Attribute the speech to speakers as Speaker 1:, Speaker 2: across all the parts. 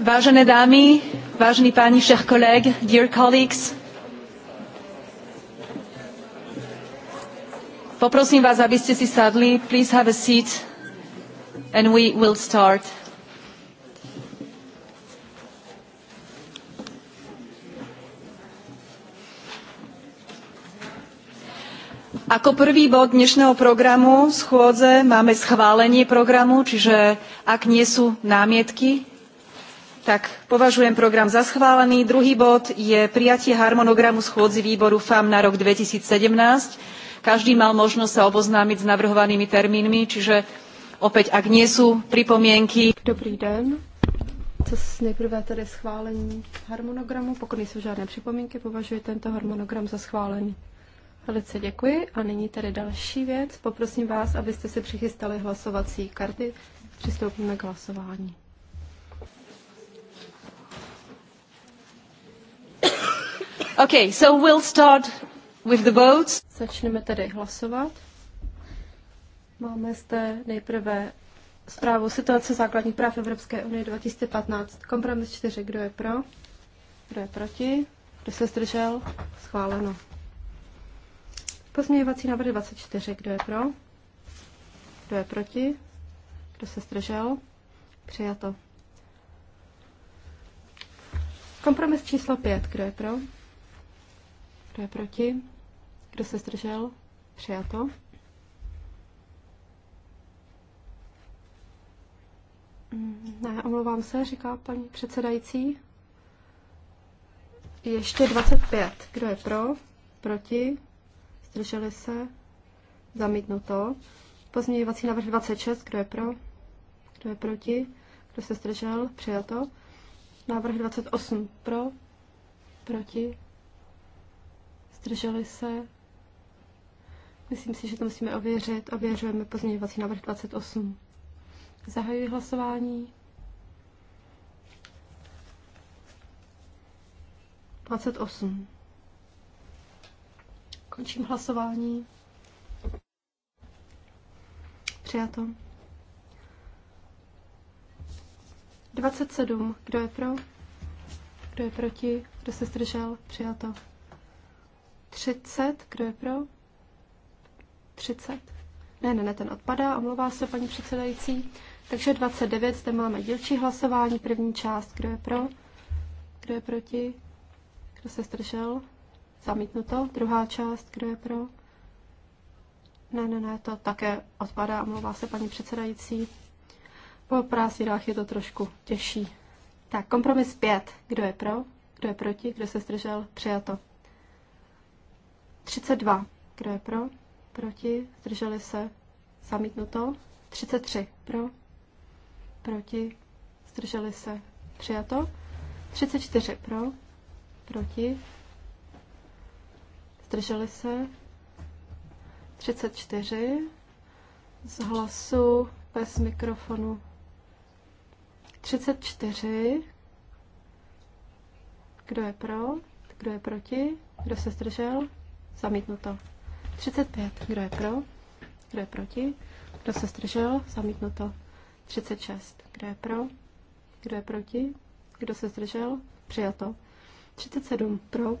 Speaker 1: Vážené dámy, vážení páni, všech koleg, dear colleagues, poprosím vás, abyste si sadli.
Speaker 2: Please have a seat and we will start. Ako prvý bod dnešného programu schôdze máme schválenie programu, čiže ak nie sú námietky, tak považujem program za schválený. Druhý bod je prijatie harmonogramu schôdzi výboru FAM na rok 2017. Každý mal možnosť sa oboznámiť s navrhovanými termínmi, čiže opäť, ak nie sú pripomienky. Dobrý den. Co nejprve tedy schválení harmonogramu, pokud nejsou žádné připomínky, považuji tento harmonogram za schválený. Velice děkuji. A nyní tady další věc. Poprosím vás, abyste si přichystali hlasovací karty. Přistoupíme k hlasování. Okay, so we'll start with the votes. Začneme tedy hlasovat. Máme zde nejprve zprávu situace základních práv Evropské unie 2015. Kompromis 4. Kdo je pro? Kdo je proti? Kdo se zdržel? Schváleno. Pozměňovací návrh 24. Kdo je pro? Kdo je proti? Kdo se zdržel? Přijato. Kompromis číslo 5. Kdo je pro? Kdo je proti? Kdo se zdržel? Přijato. Mm, ne, omlouvám se, říká paní předsedající. Ještě 25. Kdo je pro? Proti? Zdrželi se? Zamítnuto. Pozměňovací návrh 26. Kdo je pro? Kdo je proti? Kdo se zdržel? Přijato. Návrh 28. Pro? Proti? Zdrželi se? Myslím si, že to musíme ověřit. Ověřujeme pozměňovací návrh 28. Zahajuji hlasování. 28. Končím hlasování. Přijato. 27. Kdo je pro? Kdo je proti? Kdo se zdržel? Přijato. 30. Kdo je pro? 30. Ne, ne, ne, ten odpadá, omlouvá se paní předsedající. Takže 29, zde máme dílčí hlasování, první část, kdo je pro, kdo je proti, kdo se zdržel, Zamítnuto. Druhá část, kdo je pro? Ne, ne, ne, to také odpadá, omlouvá se paní předsedající. Po prázdninách je to trošku těžší. Tak, kompromis 5. Kdo je pro? Kdo je proti? Kdo se zdržel? Přijato. 32. Kdo je pro? Proti? Zdrželi se? Zamítnuto. 33. Pro? Proti? Zdrželi se? Přijato. 34. Pro? Proti? zdrželi se. 34 z hlasu bez mikrofonu. 34. Kdo je pro? Kdo je proti? Kdo se zdržel? Zamítnuto. 35. Kdo je pro? Kdo je proti? Kdo se zdržel? Zamítnuto. 36. Kdo je pro? Kdo je proti? Kdo se zdržel? Přijato. 37. Pro?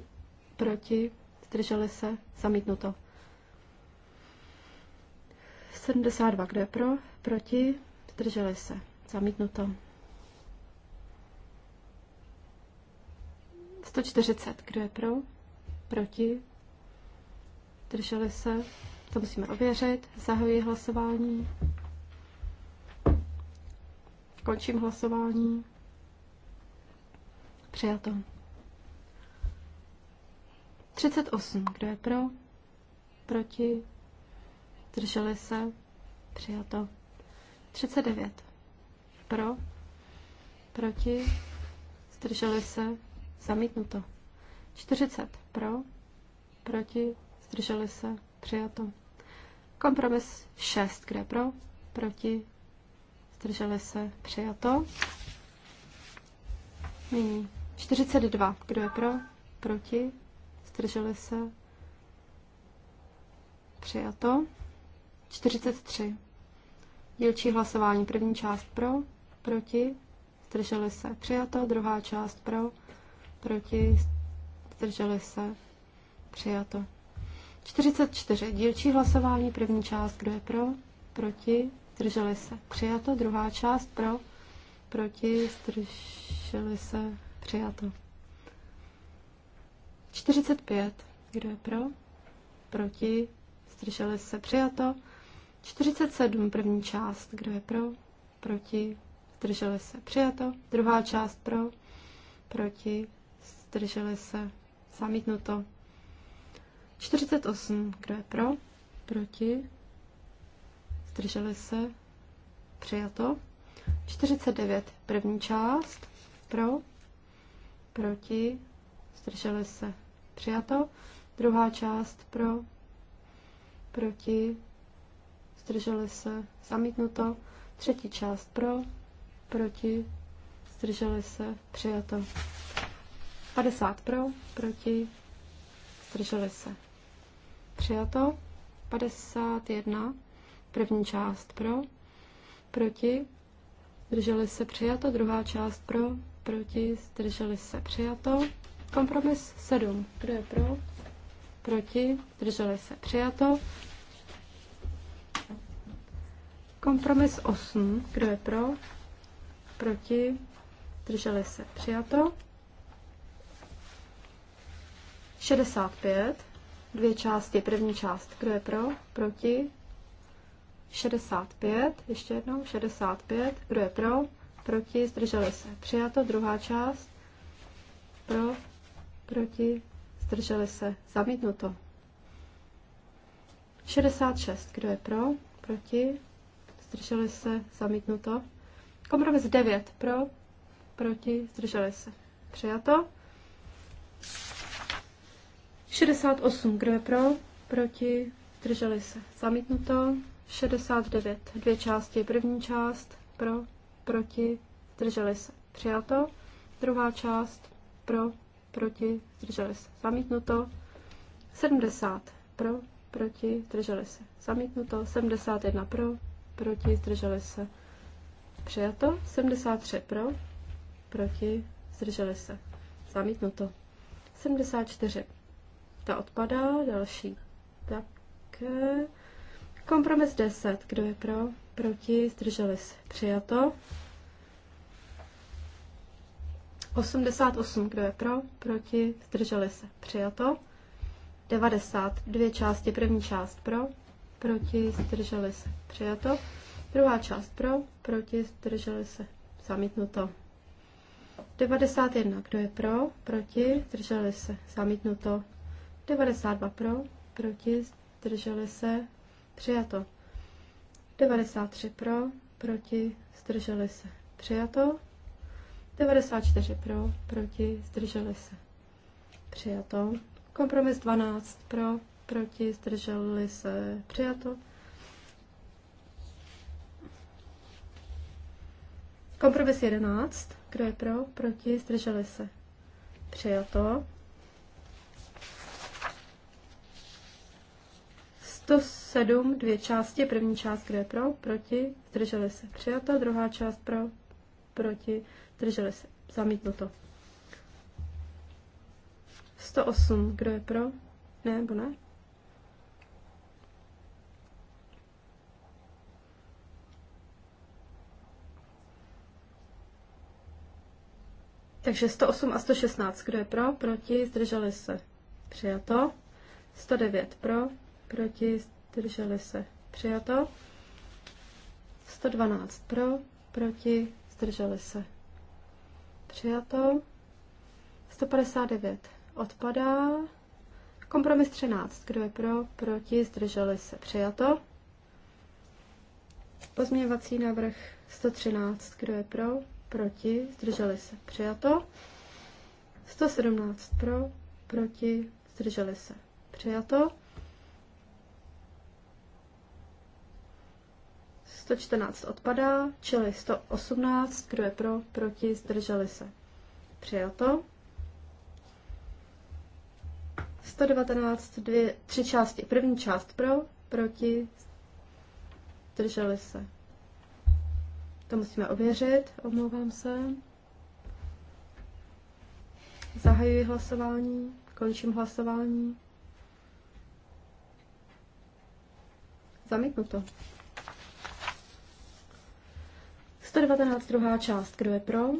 Speaker 2: Proti? zdrželi se, zamítnuto. 72, kdo je pro, proti, zdrželi se, zamítnuto. 140, kdo je pro, proti, zdrželi se, to musíme ověřit, zahajuji hlasování. Končím hlasování. Přijato. 38. Kdo je pro? Proti? Drželi se? Přijato. 39. Pro? Proti? Zdrželi se? Zamítnuto. 40. Pro? Proti? Zdrželi se? Přijato. Kompromis 6. Kde pro? Proti? Zdrželi se? Přijato. Nyní 42. Kdo je pro? Proti? zdrželi se, přijato. 43. Dílčí hlasování, první část pro, proti, zdrželi se, přijato, druhá část pro, proti, zdrželi se, přijato. 44. Dílčí hlasování, první část, kdo je pro, proti, zdrželi se, přijato, druhá část pro, proti, zdrželi se, přijato. 45. Kdo je pro? Proti? Zdrželi se přijato. 47. První část. Kdo je pro? Proti? Zdrželi se přijato. Druhá část pro? Proti? Zdrželi se zamítnuto. 48. Kdo je pro? Proti? Zdrželi se přijato. 49. První část pro? Proti? Zdrželi se Přijato. Druhá část pro, proti, zdrželi se, zamítnuto. Třetí část pro, proti, zdrželi se, přijato. 50 pro, proti, zdrželi se. Přijato. 51, první část pro, proti, zdrželi se, přijato. Druhá část pro, proti, zdrželi se, přijato. Kompromis 7. Kdo je pro? Proti? Drželi se. Přijato. Kompromis 8. Kdo je pro? Proti? Drželi se. Přijato. 65. Dvě části. První část. Kdo je pro? Proti? 65. Ještě jednou. 65. Kdo je pro? Proti? Zdrželi se. Přijato. Druhá část. Pro? proti, zdrželi se, zamítnuto. 66, kdo je pro, proti, zdrželi se, zamítnuto. Kompromis 9, pro, proti, zdrželi se, přijato. 68, kdo je pro, proti, zdrželi se, zamítnuto. 69, dvě části, první část, pro, proti, zdrželi se, přijato. Druhá část, pro, proti, zdrželi se, zamítnuto. 70 pro, proti, zdrželi se, zamítnuto. 71 pro, proti, zdrželi se, přijato. 73 pro, proti, zdrželi se, zamítnuto. 74. Ta odpadá, další tak eh, Kompromis 10. Kdo je pro? Proti? Zdrželi se. Přijato. 88, kdo je pro, proti, zdrželi se, přijato. 90, dvě části, první část pro, proti, zdrželi se, přijato. Druhá část pro, proti, zdrželi se, zamítnuto. 91, kdo je pro, proti, zdrželi se, zamítnuto. 92 pro, proti, zdrželi se, přijato. 93 pro, proti, zdrželi se, přijato. 94 pro, proti, zdrželi se. Přijato. Kompromis 12 pro, proti, zdrželi se. Přijato. Kompromis 11. Kdo je pro? Proti? Zdrželi se. Přijato. 107, dvě části. První část, kdo je pro? Proti? Zdrželi se. Přijato. Druhá část pro? Proti? zdrželi se, zamítnuto. 108, kdo je pro? Ne, nebo ne? Takže 108 a 116, kdo je pro? Proti, zdrželi se. Přijato. 109 pro, proti, zdrželi se. Přijato. 112 pro, proti, zdrželi se. Přijato. 159 odpadá. Kompromis 13. Kdo je pro? Proti? Zdrželi se. Přijato. Pozměňovací návrh 113. Kdo je pro? Proti? Zdrželi se. Přijato. 117 pro, proti, zdrželi se. Přijato. 114 odpadá, čili 118, kdo je pro, proti, zdrželi se. Přijato. 119, dvě, tři části. První část pro, proti, zdrželi se. To musíme ověřit, omlouvám se. Zahajuji hlasování, končím hlasování. Zamítnuto. to. 119. druhá část. Kdo je pro?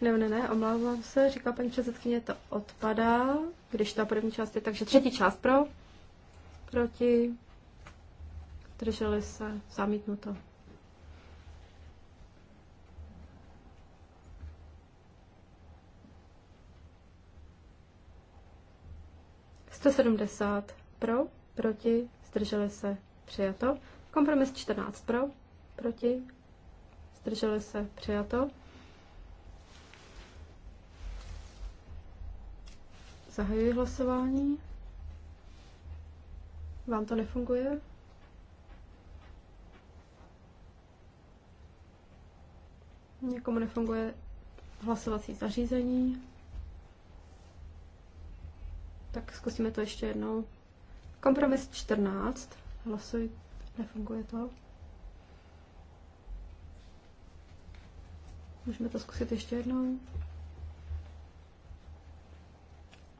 Speaker 2: Ne, ne, ne, omlouvám se, říká paní předsedkyně, to odpadá, když ta první část je, takže třetí část pro, proti, drželi se, zamítnuto. Sto sedmdesát pro, proti, zdrželi se, přijato. Kompromis 14 pro, proti, zdrželi se, přijato. Zahajuji hlasování. Vám to nefunguje? Někomu nefunguje hlasovací zařízení. Tak zkusíme to ještě jednou. Kompromis 14. Hlasuj, nefunguje to. Můžeme to zkusit ještě jednou.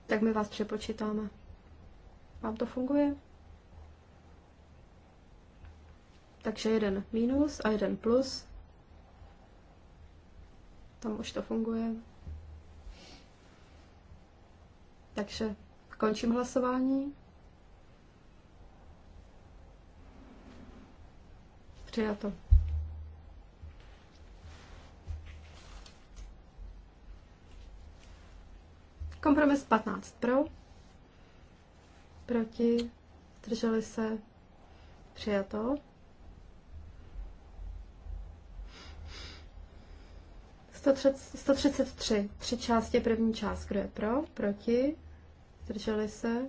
Speaker 2: Tak my vás přepočítáme. Vám to funguje? Takže jeden minus a jeden plus. Tam už to funguje. Takže končím hlasování. Přijato. Kompromis 15 pro, proti, drželi se, přijato. Sto 133, tři části, první část, kdo je pro, proti, drželi se,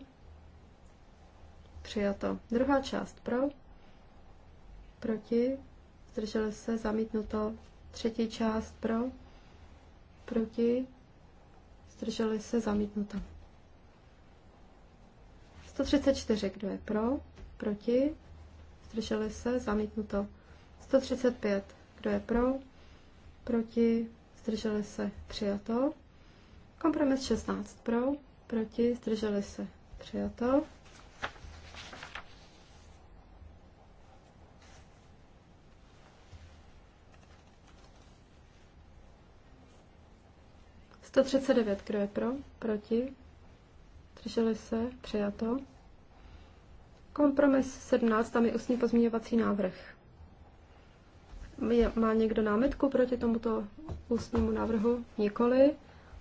Speaker 2: přijato. Druhá část pro, proti, zdrželi se, zamítnuto. Třetí část pro, proti, zdrželi se, zamítnuto. 134, kdo je pro, proti, zdrželi se, zamítnuto. 135, kdo je pro, proti, zdrželi se, přijato. Kompromis 16 pro, proti, zdrželi se, přijato. 139, kdo je pro? Proti? Drželi se? Přijato. Kompromis 17, tam je ústní pozměňovací návrh. Je, má někdo námitku proti tomuto ústnímu návrhu? Nikoli.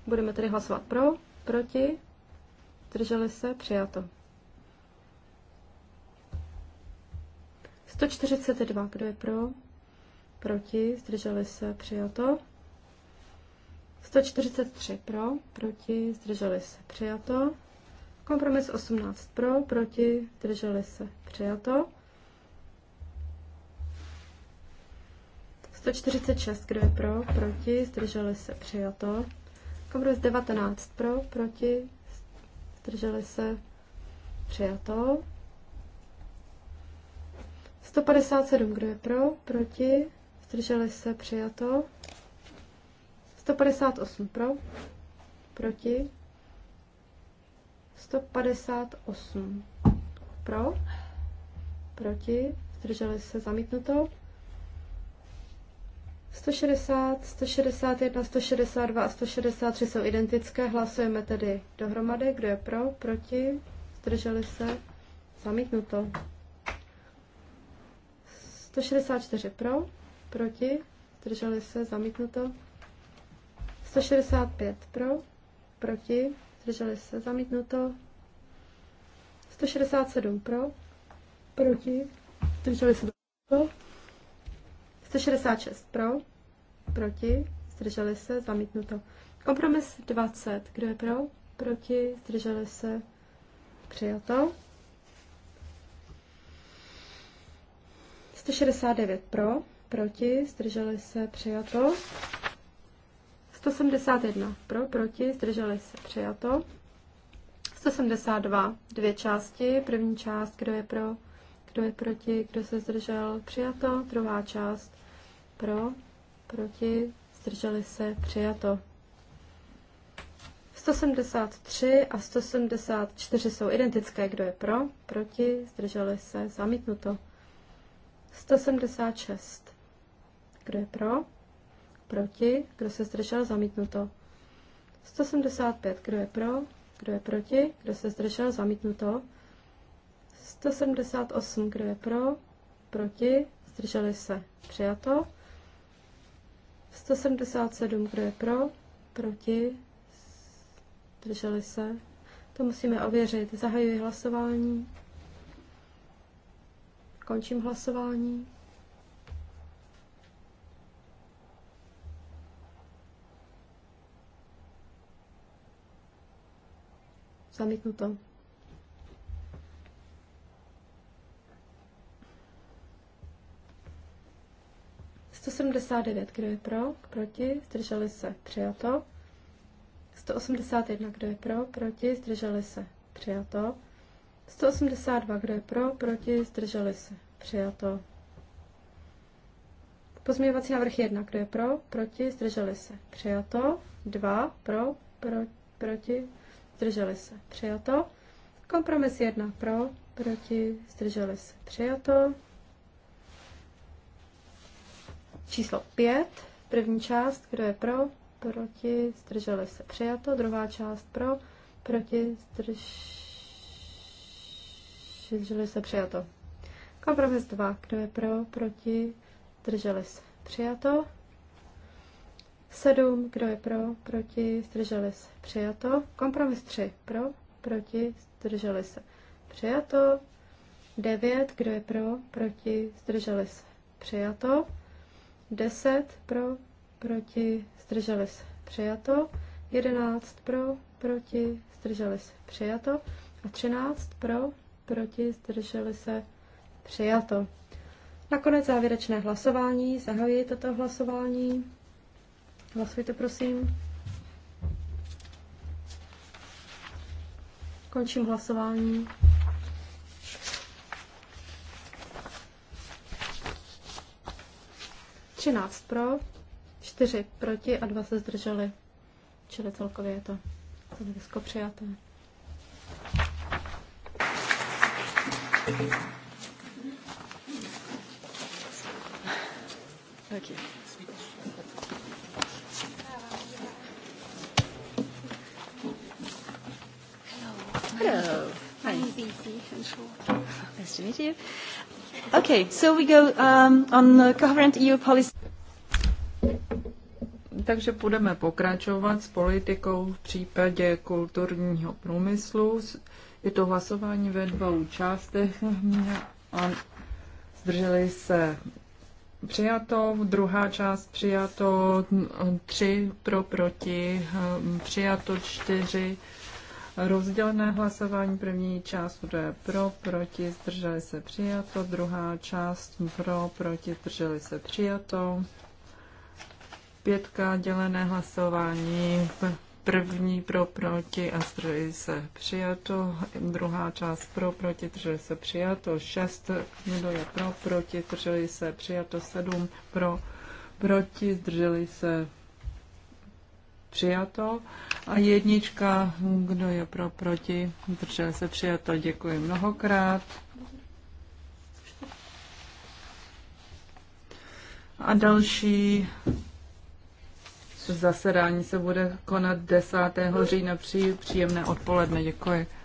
Speaker 2: Budeme tedy hlasovat pro, proti, drželi se, přijato. 142, kdo je pro, proti, zdrželi se, přijato. 143 pro, proti, zdrželi se, přijato. Kompromis 18 pro, proti, zdrželi se, přijato. 146, kdo je pro, proti, zdrželi se, přijato. Kompromis 19 pro, proti, zdrželi se, přijato. 157, kdo je pro, proti, zdrželi se, přijato. 158 pro, proti, 158 pro, proti, zdrželi se zamítnuto, 160, 161, 162 a 163 jsou identické, hlasujeme tedy dohromady, kdo je pro, proti, zdrželi se, zamítnuto. 164 pro, proti, zdrželi se, zamítnuto. 165 pro, proti, zdrželi se, zamítnuto. 167 pro, proti, zdrželi se, zamítnuto. 166 pro, proti, zdrželi se, zamítnuto. Kompromis 20, kdo je pro, proti, zdrželi se, přijato. 169 pro, proti, zdrželi se, přijato. 171 pro, proti, zdrželi se, přijato. 172, dvě části. První část, kdo je pro, kdo je proti, kdo se zdržel, přijato. Druhá část, pro, proti, zdrželi se, přijato. 173 a 174 jsou identické, kdo je pro, proti, zdrželi se, zamítnuto. 176, kdo je pro, proti, kdo se zdržel, zamítnuto. 175, kdo je pro, kdo je proti, kdo se zdržel, zamítnuto. 178, kdo je pro, proti, zdrželi se, přijato. 177, kdo je pro, proti, zdrželi se. To musíme ověřit. Zahajuji hlasování. Končím hlasování. Zamítnuto. kdo je pro, proti, zdrželi se, přijato. 181, kdo je pro, proti, zdrželi se, přijato. 182, kdo je pro, proti, zdrželi se, přijato. Pozměňovací návrh 1, kdo je pro, proti, zdrželi se, přijato. 2, pro, pro proti, zdrželi se, přijato. Kompromis jedna pro, proti, zdrželi se, přijato. Číslo pět první část, kdo je pro, proti, zdrželi se, přijato. Druhá část pro, proti, zdrželi se, přijato. Kompromis dva kdo je pro, proti, zdrželi se, přijato. 7, kdo je pro, proti, zdrželi se, přijato. Kompromis 3, pro, proti, zdrželi se, přijato. 9, kdo je pro, proti, zdrželi se, přijato. 10, pro, proti, zdrželi se, přijato. 11, pro, proti, zdrželi se, přijato. A 13, pro, proti, zdrželi se, přijato. Nakonec závěrečné hlasování. Zahajuji toto hlasování. Hlasujte, prosím. Končím hlasování. Třináct pro, čtyři proti a dva se zdrželi. Čili celkově je to stanovisko přijaté.
Speaker 1: Thank you. Hello.
Speaker 2: Hi. Nice to meet you. Okay, so we go um, on coherent EU policy.
Speaker 1: Takže budeme pokračovat s politikou v případě kulturního průmyslu. Je to hlasování ve dvou částech a zdrželi se přijato, druhá část přijato, tři pro proti, přijato čtyři rozdělené hlasování. První část, kdo je pro, proti, zdrželi se přijato. Druhá část, pro, proti, zdrželi se přijato. Pětka, dělené hlasování. První pro, proti a zdrželi se přijato. Druhá část pro, proti, zdrželi se přijato. Šest, kdo je pro, proti, zdrželi se přijato. Sedm, pro, proti, zdrželi se přijato. A jednička, kdo je pro, proti, držel se přijato, děkuji mnohokrát. A další zasedání se bude konat 10. října. příjemné odpoledne, děkuji.